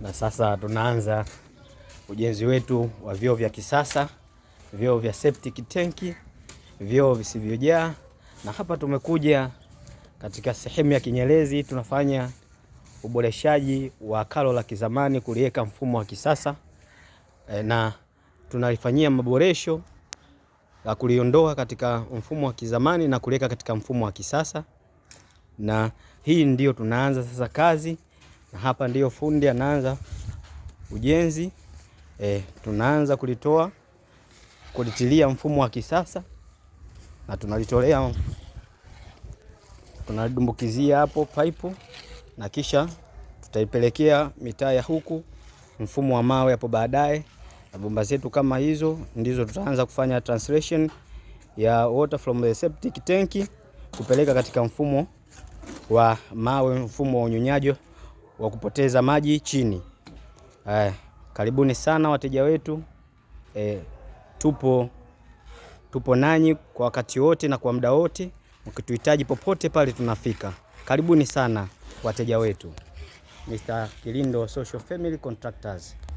na sasa tunaanza ujenzi wetu wa vyoo vya kisasa, vyoo vya septic tanki, vyoo visivyojaa. Na hapa tumekuja katika sehemu ya Kinyerezi, tunafanya uboreshaji wa kalo la kizamani kuliweka mfumo wa kisasa e, na tunalifanyia maboresho la kuliondoa katika mfumo wa kizamani na kuliweka katika mfumo wa kisasa, na hii ndio tunaanza sasa kazi na hapa ndiyo fundi anaanza ujenzi e, tunaanza kulitoa kulitilia mfumo wa kisasa na tunalitolea tunalidumbukizia hapo paipu na kisha tutaipelekea mitaa ya huku mfumo wa mawe hapo baadaye, na bomba zetu kama hizo ndizo tutaanza kufanya translation ya water from the septic tank kupeleka katika mfumo wa mawe, mfumo wa unyunyaji wa kupoteza maji chini. Eh, karibuni sana wateja wetu eh, tupo, tupo nanyi kwa wakati wote na kwa muda wote, mkituhitaji popote pale tunafika. Karibuni sana wateja wetu. Mr. Kilindo Social Family Contractors.